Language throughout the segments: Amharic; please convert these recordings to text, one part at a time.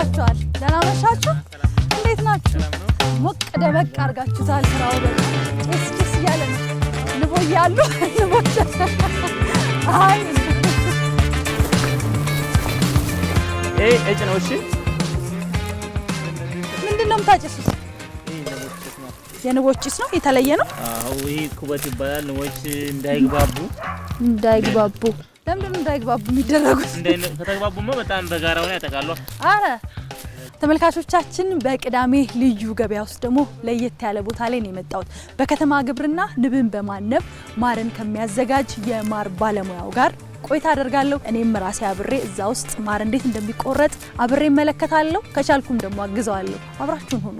ይዟችኋል። ደህና መሻችሁ። እንዴት ናችሁ? ሞቅ ደመቅ አድርጋችሁታል። ስራው ጭስ ጭስ እያለ ነው። ንቦ እያሉ ንቦች አይ እጭ ነው። እሺ ምንድን ነው የምታጭሱት? የንቦች ጭስ ነው። የተለየ ነው። ይህ ኩበት ይባላል። ንቦች እንዳይግባቡ እንዳይግባቡ ለምንድን እንዳይግባቡ የሚደረጉት? ከተግባቡማ በጣም በጋራ ሆነ ያጠቃሉ። አረ ተመልካቾቻችን በቅዳሜ ልዩ ገበያ ውስጥ ደግሞ ለየት ያለ ቦታ ላይ ነው የመጣሁት። በከተማ ግብርና ንብን በማነብ ማርን ከሚያዘጋጅ የማር ባለሙያው ጋር ቆይታ አደርጋለሁ። እኔም ራሴ አብሬ እዛ ውስጥ ማር እንዴት እንደሚቆረጥ አብሬ እመለከታለሁ። ከቻልኩም ደግሞ አግዘዋለሁ። አብራችሁን ሆኑ።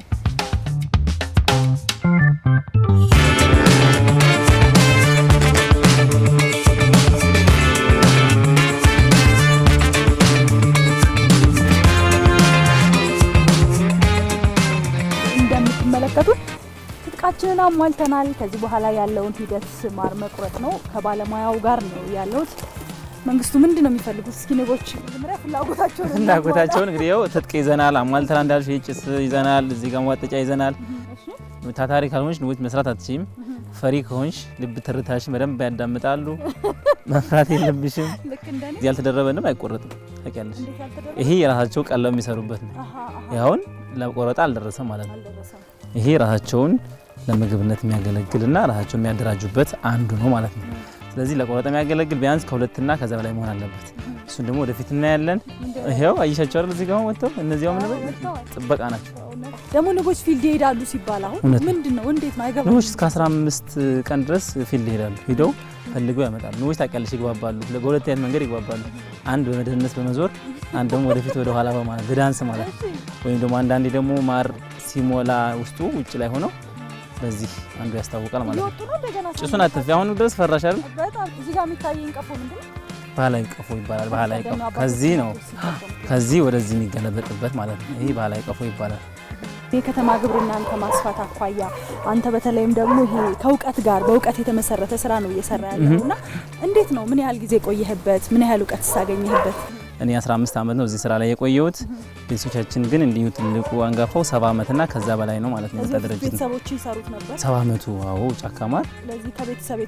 ስትመለከቱት ትጥቃችንን አሟልተናል። ከዚህ በኋላ ያለውን ሂደት ማር መቁረጥ ነው። ከባለሙያው ጋር ነው ያለሁት። መንግስቱ ምንድን ነው የሚፈልጉት? እስኪ ንቦች ምራ ፍላጎታቸውን ፍላጎታቸውን እንግዲህ ያው ትጥቅ ይዘናል፣ አሟልተናል እንዳልሽ ጭስ ይዘናል፣ እዚህ ጋር መዋጠጫ ይዘናል። ታታሪ ካልሆንሽ ንቦች መስራት አትችም። ፈሪ ከሆንሽ ልብ ትርታሽን በደንብ ያዳምጣሉ። መፍራት የለብሽም። እዚህ ያልተደረበ ንብ አይቆረጥም። ታውቂያለሽ፣ ይሄ የራሳቸው ቀለም የሚሰሩበት ነው። ይኸውን ለቆረጣ አልደረሰም ማለት ነው። ይሄ ራሳቸውን ለምግብነት የሚያገለግልና ራሳቸው የሚያደራጁበት አንዱ ነው ማለት ነው። ስለዚህ ለቆረጠ የሚያገለግል ቢያንስ ከሁለትና ከዛ በላይ መሆን አለበት። እሱን ደግሞ ወደፊት እናያለን። ይኸው አይሻቸው አይደል? እዚህ ጋር ወጥተው እነዚያው ምን ጥበቃ ናቸው። ደግሞ ንቦች ፊልድ ይሄዳሉ ሲባል አሁን ምንድን ነው እንዴት ነው አይገባም። ንቦች እስከ 15 ቀን ድረስ ፊልድ ይሄዳሉ። ሄደው ፈልገው ያመጣሉ። ንቦች ታውቂያለሽ፣ ይግባባሉ። በሁለት አይነት መንገድ ይግባባሉ። አንድ በመደህንነት በመዞር አንድ ደግሞ ወደፊት ወደ ኋላ በማለት በዳንስ ማለት ነው። ወይም ደግሞ አንዳንዴ ደግሞ ማር ሲሞላ ውስጡ ውጭ ላይ ሆነው በዚህ አንዱ ያስታውቃል ማለት ነው። ጭሱን አትፍ። አሁንም ድረስ ፈራሽ አይደል? ባህላዊ ቀፎ ይባላል። ባህላዊ ቀፎ ከዚህ ነው ከዚህ ወደዚህ የሚገለበጥበት ማለት ነው። ይህ ባህላዊ ቀፎ ይባላል። የከተማ ግብርናን ከማስፋት አኳያ አንተ በተለይም ደግሞ ይሄ ከእውቀት ጋር በእውቀት የተመሰረተ ስራ ነው እየሰራ ያለው እና እንዴት ነው? ምን ያህል ጊዜ ቆየህበት? ምን ያህል እውቀት ሳገኘህበት? እኔ 15 ዓመት ነው እዚህ ስራ ላይ የቆየሁት። ቤተሰቦቻችን ግን እንዲሁ ትልቁ አንጋፋው 70 ዓመትና ከዛ በላይ ነው ማለት ነው። ተደረጀ ቤተሰቦች ይሰሩት ነበር። 70 ዓመቱ አዎ፣ ጫካማ። ስለዚህ ከቤተሰብ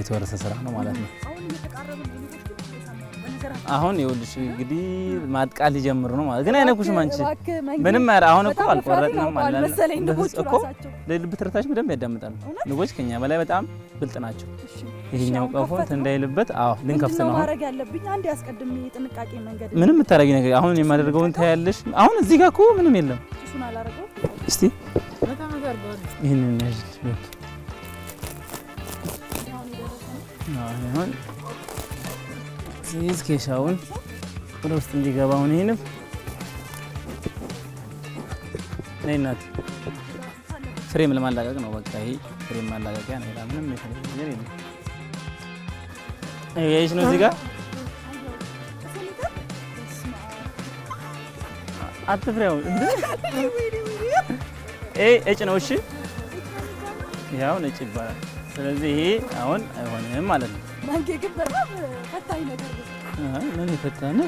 የተወረሰ ስራ ነው ማለት ነው። አሁን እየተቃረብን አሁን ይኸውልሽ እንግዲህ ማጥቃት ሊጀምር ነው ማለት ግን አይነኩሽም። አንቺ ምንም ኧረ አሁን እኮ አልቆረጥንም አላለን እኮ ለልብ ትርታሽ በደንብ ያዳምጣሉ ንቦች ከኛ በላይ በጣም ብልጥ ናቸው። ይሄኛው ቀፎ እንዳይልበት። አዎ ልንከፍት ነው አሁን ምንም የምታደርጊ ነገር አሁን የማደርገውን ታያለሽ። አሁን እዚህ ጋር እኮ ምንም የለም። እስቲ ይሄንን ያዥ ሲይዝ ኬሻውን ወደ ውስጥ እንዲገባ አሁን ይሄንም ነይናት ፍሬም ለማላቀቅ ነው። በቃ ይሄ ፍሬም ማላቀቂያ ነው። ምንም የተለየ ነገር የለም። ይሄ ነው እዚህ ጋር አትፍሬው እ እጭ ነው። እሺ ያው ነጭ ይባላል። ስለዚህ ይሄ አሁን አይሆንም ማለት ነው። ዳንጌ ግን በጣም ፈታኝ ነገር ምን የፈተነ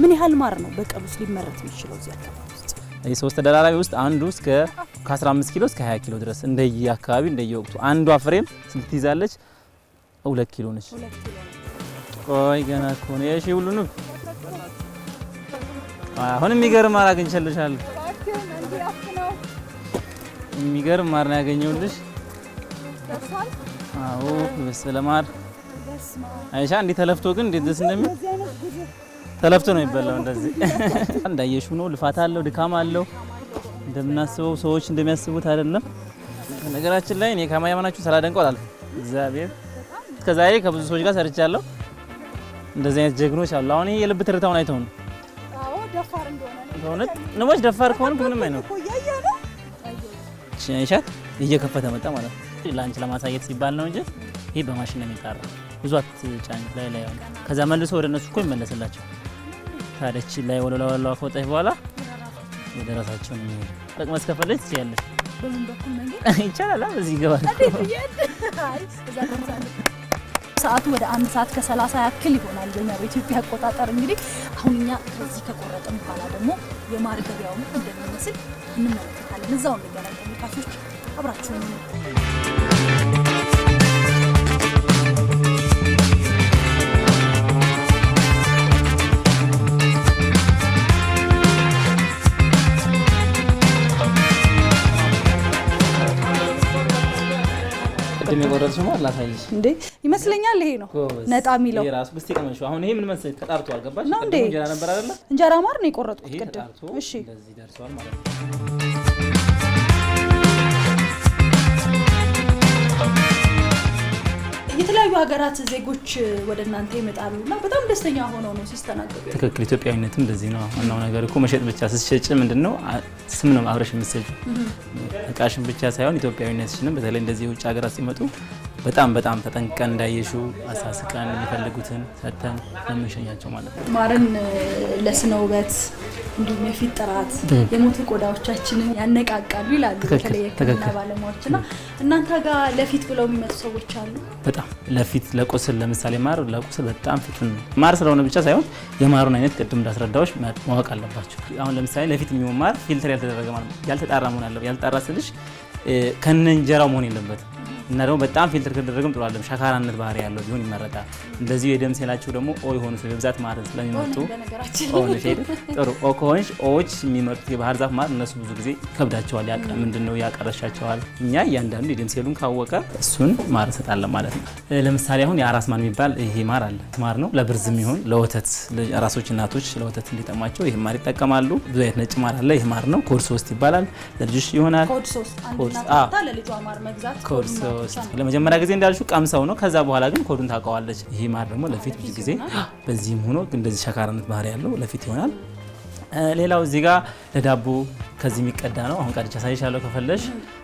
ምን ያህል ማር ነው በቀን ውስጥ ሊመረት የሚችለው? እዚህ አካባቢ ውስጥ የሶስት ተደራራቢ ውስጥ አንዱ እስከ ከ15 ኪሎ እስከ 20 ኪሎ ድረስ እንደየ አካባቢ እንደየ ወቅቱ አንዷ ፍሬም ስንት ትይዛለች? ሁለት ኪሎ ነች። ቆይ ገና እኮ ነው። እሺ ነው። አሁን የሚገርም ማር አግኝቼልሻለሁ። የሚገርም ማር ነው ያገኘሁልሽ። አዎ ይበስለ ማር አይሻ እንዲህ ተለፍቶ ግን እንዴት ደስ እንደሚል ተለፍቶ ነው የሚበላው። እንደዚህ እንዳየሹ ነው። ልፋት አለው፣ ድካም አለው። እንደምናስበው ሰዎች እንደሚያስቡት አይደለም። ነገራችን ላይ እኔ ከማያመናችሁ ሳላደንቀው አላልኩም። እግዚአብሔር እስከዛሬ ከብዙ ሰዎች ጋር ሰርቻለሁ። እንደዚህ አይነት ጀግኖች አሉ። አሁን ይሄ የልብ ትርታውን አይተው ነው ንቦች ደፋር ከሆነ ምንም አይነው አይሻት እየከፈተ መጣ ማለት ነው። ለአንቺ ለማሳየት ሲባል ነው እንጂ ይሄ በማሽን ነው የሚጣራው። ብዙ ጫኝ ላይ ላይ ሆነ። ከዛ መልሶ ወደ እነሱ እኮ ይመለስላቸው ካለች ላይ ወደ ላዋላ ከወጣች በኋላ ወደ ራሳቸው የሚሄዱ ጠቅመስ ከፈለች ትችያለች። ይቻላል በዚህ ይገባል። ሰዓቱ ወደ አንድ ሰዓት ከሰላሳ ያክል ይሆናል የኛ በኢትዮጵያ አቆጣጠር። እንግዲህ አሁን እኛ በዚህ ከቆረጥን በኋላ ደግሞ የማርገቢያውን እንደሚመስል እንመለከታለን። እዛው እንገናኝ ተመልካቾች አብራችሁን እንዴ? ይመስለኛል ይሄ ነው ነጣ የሚለው ራሱ ብስቲ ቀመሹ። አሁን ይሄ ምን መሰለኝ ተጣርቶ አልገባሽ ነው እንዴ? እንጀራ ነበር አይደለ? እንጀራ ማር ነው የቆረጥኩት ቅድም። እሺ እንደዚህ ደርሷል ማለት ነው። የተለያዩ ሀገራት ዜጎች ወደ እናንተ ይመጣሉ እና በጣም ደስተኛ ሆነው ነው ሲስተናገዱ። ትክክል። ኢትዮጵያዊነትም እንደዚህ ነው። ዋናው ነገር እኮ መሸጥ ብቻ ስትሸጭ ምንድን ነው ስም ነው አብረሽ የምትሰጪው እቃሽን ብቻ ሳይሆን ኢትዮጵያዊነትሽንም። በተለይ እንደዚህ የውጭ ሀገራት ሲመጡ በጣም በጣም ተጠንቀን እንዳየሹ አሳስቀን የሚፈልጉትን ሰጥተን ለምንሸኛቸው ማለት ነው። ማርን ለስነ ውበት እንዲሁም የፊት ጥራት የሞቱ ቆዳዎቻችንን ያነቃቃሉ ይላሉ በተለይ የሕክምና ባለሙያዎች እናንተ ጋር ለፊት ብለው የሚመጡ ሰዎች አሉ። በጣም ለፊት ለቁስል ለምሳሌ ማር ለቁስል በጣም ፍቱን ነው። ማር ስለሆነ ብቻ ሳይሆን የማሩን አይነት ቅድም እንዳስረዳዎች ማወቅ አለባቸው። አሁን ለምሳሌ ለፊት የሚሆን ማር ፊልተር ያልተደረገ ማለት ያልተጣራ መሆን አለ ያልተጣራ ስልሽ ከነ እንጀራው መሆን የለበትም እና ደግሞ በጣም ፊልተር ከተደረገም ጥሩ አይደለም። ሸካራነት ባህሪ ያለው ቢሆን ይመረጣል። እንደዚሁ የደም ሴላቸው ደግሞ ኦ የሆኑ በብዛት ማርን ስለሚመርጡ ጥሩ ኦ ከሆንሽ ኦዎች የሚመርጡት የባህር ዛፍ ማር እነሱ ብዙ ጊዜ ከብዳቸዋል። ምንድን ነው ያቀረሻቸዋል። እኛ እያንዳንዱ የደም ሴሉን ካወቀ እሱን ማር እንሰጣለን ማለት ነው። ለምሳሌ አሁን የአራስ ማር የሚባል ይሄ ማር አለ። ማር ነው ለብርዝ የሚሆን ለወተት ራሶች እናቶች ለወተት እንዲጠማቸው ይህ ማር ይጠቀማሉ። ብዙ አይነት ነጭ ማር አለ። ይህ ማር ነው ኮድ ሶስት ይባላል። ለልጆች ይሆናል። ኮድ ሶስት ሶስት ለመጀመሪያ ጊዜ እንዳልሹ ቀምሰው ነው። ከዛ በኋላ ግን ኮዱን ታውቀዋለች። ይሄ ማር ደግሞ ለፊት ብዙ ጊዜ በዚህም ሆኖ እንደዚህ ሸካራነት ባህሪ ያለው ለፊት ይሆናል። ሌላው እዚህ ጋር ለዳቦ ከዚህ የሚቀዳ ነው። አሁን ቀድቻ ሳይሻለው ከፈለሽ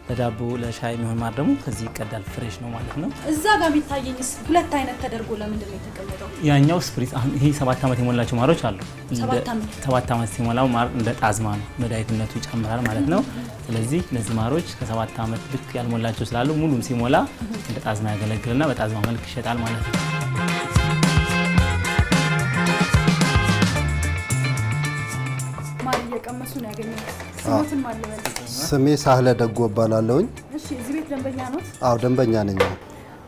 ለዳቦ ለሻይ የሚሆን ማር ደግሞ ከዚህ ይቀዳል። ፍሬሽ ነው ማለት ነው። እዛ ጋር የሚታየኝ ሁለት አይነት ተደርጎ ለምንድን ነው የተቀመጠው? ያኛው ስፕሪት ይሄ ሰባት ዓመት የሞላቸው ማሮች አሉ። ሰባት ዓመት ሲሞላው ማር እንደ ጣዝማ ነው መድኃኒትነቱ ይጨምራል ማለት ነው። ስለዚህ እነዚህ ማሮች ከሰባት ዓመት ልክ ያልሞላቸው ስላሉ ሙሉም ሲሞላ እንደ ጣዝማ ያገለግልና በጣዝማ መልክ ይሸጣል ማለት ነው። ማር እየቀመሱ ነው ያገኘው ስሜ ሳህለ ደጎ እባላለሁኝ። እሺ፣ እዚህ ቤት ደንበኛ ነው? አዎ፣ ደንበኛ ነኝ።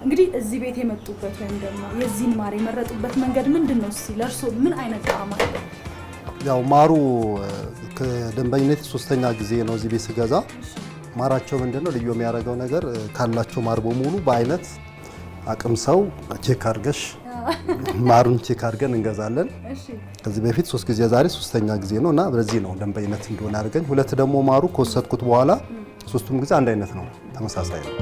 እንግዲህ እዚህ ቤት የመጡበት ወይም ደግሞ የዚህን ማር የመረጡበት መንገድ ምንድን ነው? እስኪ ለእርሶ ምን አይነት ጣዕም ያው ማሩ ከደንበኝነት ሶስተኛ ጊዜ ነው እዚህ ቤት ስገዛ። ማራቸው ምንድን ነው ልዩ የሚያደርገው ነገር ካላቸው ማር በሙሉ በአይነት አቅም ሰው ቼክ አድርገሽ ማሩን ቼክ አድርገን እንገዛለን። ከዚህ በፊት ሶስት ጊዜ ዛሬ ሶስተኛ ጊዜ ነው እና በዚህ ነው ደንብ አይነት እንደሆነ አድርገኝ። ሁለት ደግሞ ማሩ ከወሰድኩት በኋላ ሶስቱም ጊዜ አንድ አይነት ነው፣ ተመሳሳይ ነው።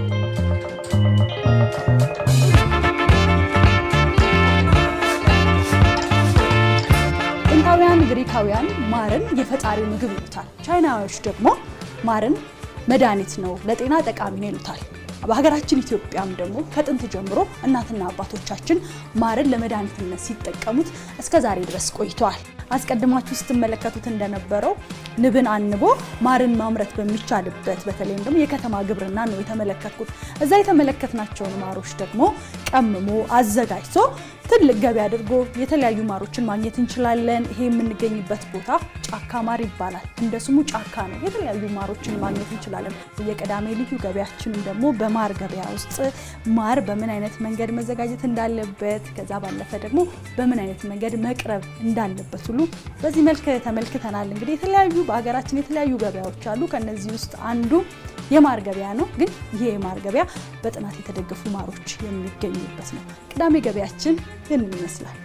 ጥንታውያን ግሪካውያን ማርን የፈጣሪ ምግብ ይሉታል። ቻይናዎች ደግሞ ማርን መድኃኒት ነው፣ ለጤና ጠቃሚ ነው ይሉታል። በሀገራችን ኢትዮጵያም ደግሞ ከጥንት ጀምሮ እናትና አባቶቻችን ማርን ለመድኃኒትነት ሲጠቀሙት እስከ ዛሬ ድረስ ቆይተዋል። አስቀድማችሁ ስትመለከቱት እንደነበረው ንብን አንቦ ማርን ማምረት በሚቻልበት በተለይም ደግሞ የከተማ ግብርና ነው የተመለከትኩት። እዛ የተመለከትናቸውን ማሮች ደግሞ ቀምሞ አዘጋጅቶ ትልቅ ገቢ አድርጎ የተለያዩ ማሮችን ማግኘት እንችላለን። ይሄ የምንገኝበት ቦታ ጫካ ማር ይባላል። እንደ ስሙ ጫካ ነው፣ የተለያዩ ማሮችን ማግኘት እንችላለን። የቅዳሜ ልዩ ገበያችንም ደግሞ በማር ገበያ ውስጥ ማር በምን አይነት መንገድ መዘጋጀት እንዳለበት ከዛ ባለፈ ደግሞ በምን አይነት መንገድ መቅረብ እንዳለበት ሁሉ በዚህ መልክ ተመልክተናል። እንግዲህ የተለያዩ በሀገራችን የተለያዩ ገበያዎች አሉ። ከነዚህ ውስጥ አንዱ የማር ገበያ ነው። ግን ይሄ የማር ገበያ በጥናት የተደገፉ ማሮች የሚገኙበት ነው። ቅዳሜ ገበያችን ይህንን ይመስላል።